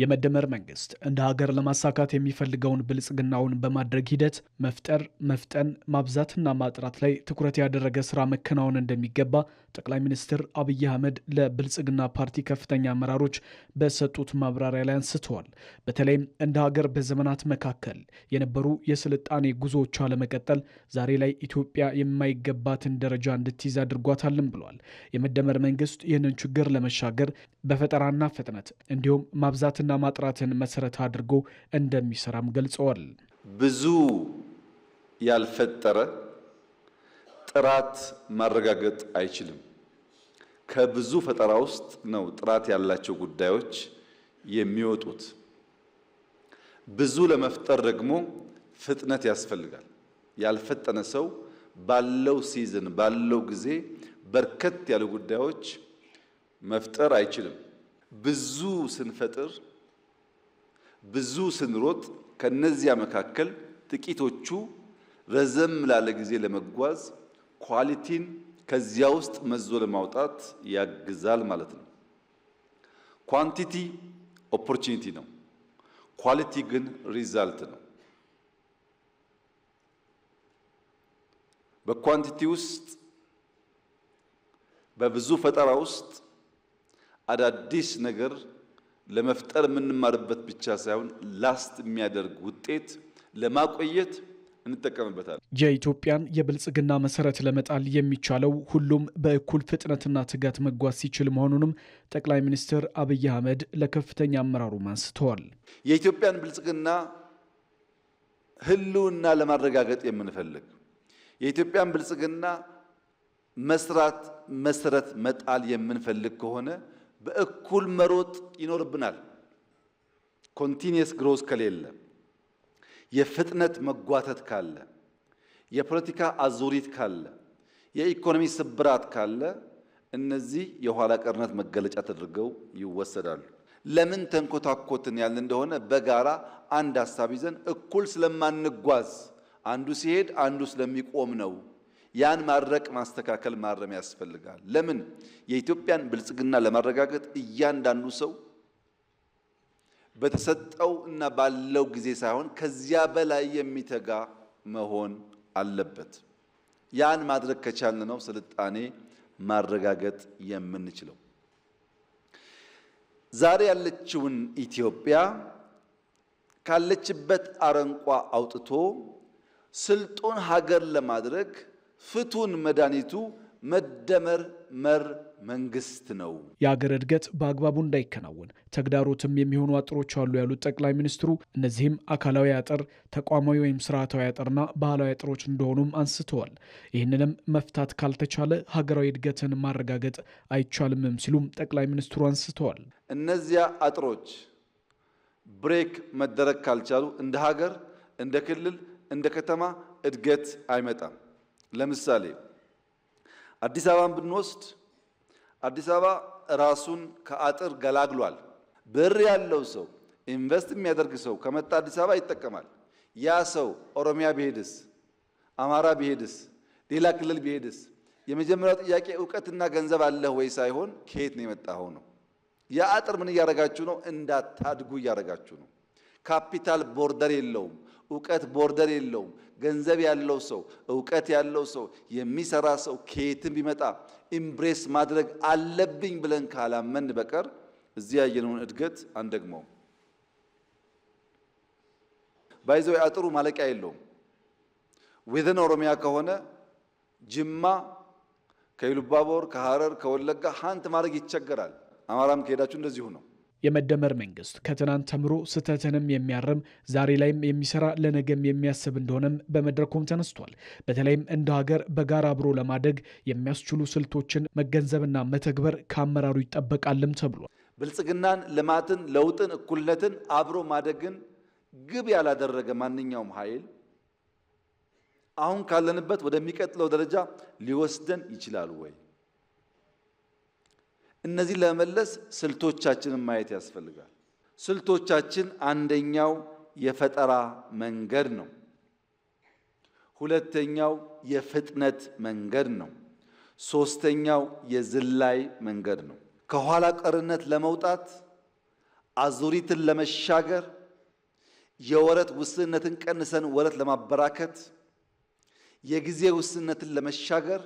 የመደመር መንግስት እንደ ሀገር ለማሳካት የሚፈልገውን ብልጽግናውን በማድረግ ሂደት መፍጠር፣ መፍጠን፣ ማብዛትና ማጥራት ላይ ትኩረት ያደረገ ስራ መከናወን እንደሚገባ ጠቅላይ ሚኒስትር አብይ አህመድ ለብልጽግና ፓርቲ ከፍተኛ አመራሮች በሰጡት ማብራሪያ ላይ አንስተዋል። በተለይም እንደ ሀገር በዘመናት መካከል የነበሩ የስልጣኔ ጉዞዎቿ ለመቀጠል ዛሬ ላይ ኢትዮጵያ የማይገባትን ደረጃ እንድትይዝ አድርጓታልም ብሏል። የመደመር መንግስት ይህንን ችግር ለመሻገር በፈጠራና ፍጥነት እንዲሁም ማብዛት ጥራትና ማጥራትን መሰረት አድርጎ እንደሚሰራም ገልጸዋል። ብዙ ያልፈጠረ ጥራት ማረጋገጥ አይችልም። ከብዙ ፈጠራ ውስጥ ነው ጥራት ያላቸው ጉዳዮች የሚወጡት። ብዙ ለመፍጠር ደግሞ ፍጥነት ያስፈልጋል። ያልፈጠነ ሰው ባለው ሲዝን ባለው ጊዜ በርከት ያሉ ጉዳዮች መፍጠር አይችልም። ብዙ ስንፈጥር ብዙ ስንሮጥ ከነዚያ መካከል ጥቂቶቹ ረዘም ላለ ጊዜ ለመጓዝ ኳሊቲን ከዚያ ውስጥ መዞ ለማውጣት ያግዛል ማለት ነው። ኳንቲቲ ኦፖርቹኒቲ ነው፣ ኳሊቲ ግን ሪዛልት ነው። በኳንቲቲ ውስጥ በብዙ ፈጠራ ውስጥ አዳዲስ ነገር ለመፍጠር የምንማርበት ብቻ ሳይሆን ላስት የሚያደርግ ውጤት ለማቆየት እንጠቀምበታል። የኢትዮጵያን የብልጽግና መሰረት ለመጣል የሚቻለው ሁሉም በእኩል ፍጥነትና ትጋት መጓዝ ሲችል መሆኑንም ጠቅላይ ሚኒስትር አብይ አህመድ ለከፍተኛ አመራሩም አንስተዋል። የኢትዮጵያን ብልጽግና ህልውና ለማረጋገጥ የምንፈልግ የኢትዮጵያን ብልጽግና መስራት መሰረት መጣል የምንፈልግ ከሆነ በእኩል መሮጥ ይኖርብናል። ኮንቲኒየስ ግሮዝ ከሌለ፣ የፍጥነት መጓተት ካለ፣ የፖለቲካ አዙሪት ካለ፣ የኢኮኖሚ ስብራት ካለ እነዚህ የኋላ ቀርነት መገለጫ ተደርገው ይወሰዳሉ። ለምን ተንኮታኮትን ያል እንደሆነ በጋራ አንድ ሀሳብ ይዘን እኩል ስለማንጓዝ አንዱ ሲሄድ አንዱ ስለሚቆም ነው። ያን ማድረቅ፣ ማስተካከል፣ ማረም ያስፈልጋል። ለምን የኢትዮጵያን ብልጽግና ለማረጋገጥ እያንዳንዱ ሰው በተሰጠው እና ባለው ጊዜ ሳይሆን ከዚያ በላይ የሚተጋ መሆን አለበት። ያን ማድረግ ከቻልን ነው ስልጣኔ ማረጋገጥ የምንችለው። ዛሬ ያለችውን ኢትዮጵያ ካለችበት አረንቋ አውጥቶ ስልጡን ሀገር ለማድረግ ፍቱን መድኃኒቱ መደመር መር መንግስት ነው። የአገር እድገት በአግባቡ እንዳይከናወን ተግዳሮትም የሚሆኑ አጥሮች አሉ ያሉት ጠቅላይ ሚኒስትሩ እነዚህም አካላዊ አጥር፣ ተቋማዊ ወይም ስርዓታዊ አጥርና ባህላዊ አጥሮች እንደሆኑም አንስተዋል። ይህንንም መፍታት ካልተቻለ ሀገራዊ እድገትን ማረጋገጥ አይቻልምም ሲሉም ጠቅላይ ሚኒስትሩ አንስተዋል። እነዚያ አጥሮች ብሬክ መደረግ ካልቻሉ እንደ ሀገር፣ እንደ ክልል፣ እንደ ከተማ እድገት አይመጣም። ለምሳሌ አዲስ አበባን ብንወስድ አዲስ አበባ ራሱን ከአጥር ገላግሏል። ብር ያለው ሰው ኢንቨስት የሚያደርግ ሰው ከመጣ አዲስ አበባ ይጠቀማል። ያ ሰው ኦሮሚያ ቢሄድስ፣ አማራ ቢሄድስ፣ ሌላ ክልል ቢሄድስ የመጀመሪያው ጥያቄ እውቀትና ገንዘብ አለህ ወይ ሳይሆን ከየት ነው የመጣኸው ነው። የአጥር ምን እያደረጋችሁ ነው? እንዳታድጉ እያደረጋችሁ ነው። ካፒታል ቦርደር የለውም። እውቀት ቦርደር የለውም። ገንዘብ ያለው ሰው፣ እውቀት ያለው ሰው፣ የሚሰራ ሰው ከየትም ቢመጣ ኢምብሬስ ማድረግ አለብኝ ብለን ካላመን በቀር እዚህ ያየነውን እድገት አንደግመው። ባይዘው አጥሩ ማለቂያ የለውም። ዊዘን ኦሮሚያ ከሆነ ጅማ ከኢሉባቦር ከሐረር ከወለጋ ሀንት ማድረግ ይቸገራል። አማራም ከሄዳችሁ እንደዚሁ ነው። የመደመር መንግስት ከትናንት ተምሮ ስህተትንም የሚያርም ዛሬ ላይም የሚሰራ ለነገም የሚያስብ እንደሆነም በመድረኩም ተነስቷል። በተለይም እንደ ሀገር በጋራ አብሮ ለማደግ የሚያስችሉ ስልቶችን መገንዘብና መተግበር ከአመራሩ ይጠበቃልም ተብሏል። ብልጽግናን፣ ልማትን፣ ለውጥን፣ እኩልነትን፣ አብሮ ማደግን ግብ ያላደረገ ማንኛውም ኃይል አሁን ካለንበት ወደሚቀጥለው ደረጃ ሊወስደን ይችላል ወይ? እነዚህ ለመመለስ ስልቶቻችንን ማየት ያስፈልጋል። ስልቶቻችን አንደኛው የፈጠራ መንገድ ነው። ሁለተኛው የፍጥነት መንገድ ነው። ሶስተኛው የዝላይ መንገድ ነው። ከኋላ ቀርነት ለመውጣት አዙሪትን ለመሻገር የወረት ውስንነትን ቀንሰን ወረት ለማበራከት የጊዜ ውስንነትን ለመሻገር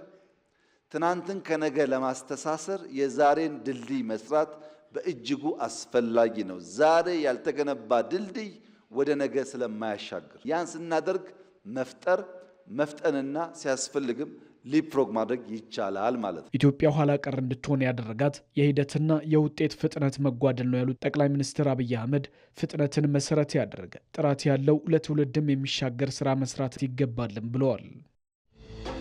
ትናንትን ከነገ ለማስተሳሰር የዛሬን ድልድይ መስራት በእጅጉ አስፈላጊ ነው። ዛሬ ያልተገነባ ድልድይ ወደ ነገ ስለማያሻግር ያን ስናደርግ መፍጠር መፍጠንና ሲያስፈልግም ሊፕሮግ ማድረግ ይቻላል ማለት ነው። ኢትዮጵያ ኋላ ቀር እንድትሆን ያደረጋት የሂደትና የውጤት ፍጥነት መጓደል ነው ያሉት ጠቅላይ ሚኒስትር አብይ አህመድ ፍጥነትን መሰረት ያደረገ ጥራት ያለው ለትውልድም የሚሻገር ስራ መስራት ይገባልም ብለዋል።